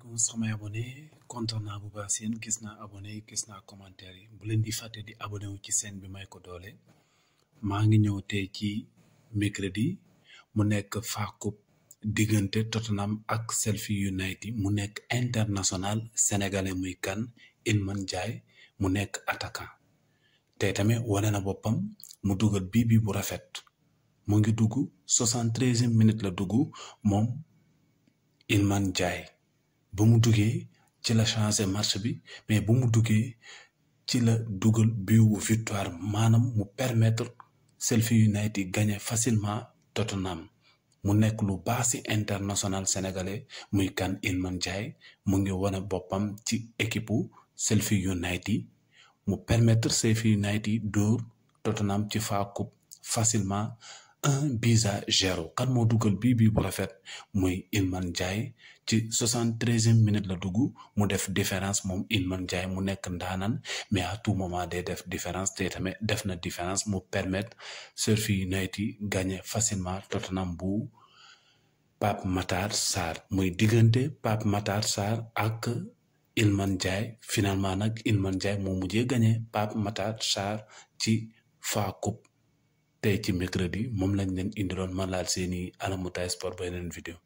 asalaamaaleykum sama abonné kontaan naa bu baax yéen gis naa abonné gis naa commentaire yi bu leen di fàtte di abonné ci seen bi may ko doole maa ngi ñëw te ci mercredi mu nekk faakup diggante Tottenham ak Sheffield United mu nekk international sénégalais muy kan Iliman jaay mu nekk attaquant te tamit wone na boppam mu duggal bii bi bu rafet mu ngi dugg soixante-treizième minute la dugg moom Iliman Ndiaye ba mu duggee ci la changé match bi mais bu mu duggee ci la dugal biwu victoire maanaam mu permettre Sheffield United gagné facilement Tottenham mu nekk lu baax ci international sénégalais muy kan Iliman Ndiaye mu ngi wane boppam ci équipe Sheffield United mu permettre Sheffield United dóor Tottenham ci FA Cup facilement un bisa Quand kan moo bi bi bii bu rafet moy Ilman Ndiaye ci soixante e minute la dougou, mu def différence mom ilman mon mu nek mais à tout moment des def différence te tamit def na différence mu permettre United gagner facilement Tottenham bu Pape Matar sar moy diggante Pape Matar Sarr ak Ilman Ndiaye finalement nak ilman Ndiaye mo mujjé gagné Pape Matar Sarr ci FA Coupe tey ci mercredi moom lañ leen indiloon man seeni alamu tay sport ba yeneen vidéo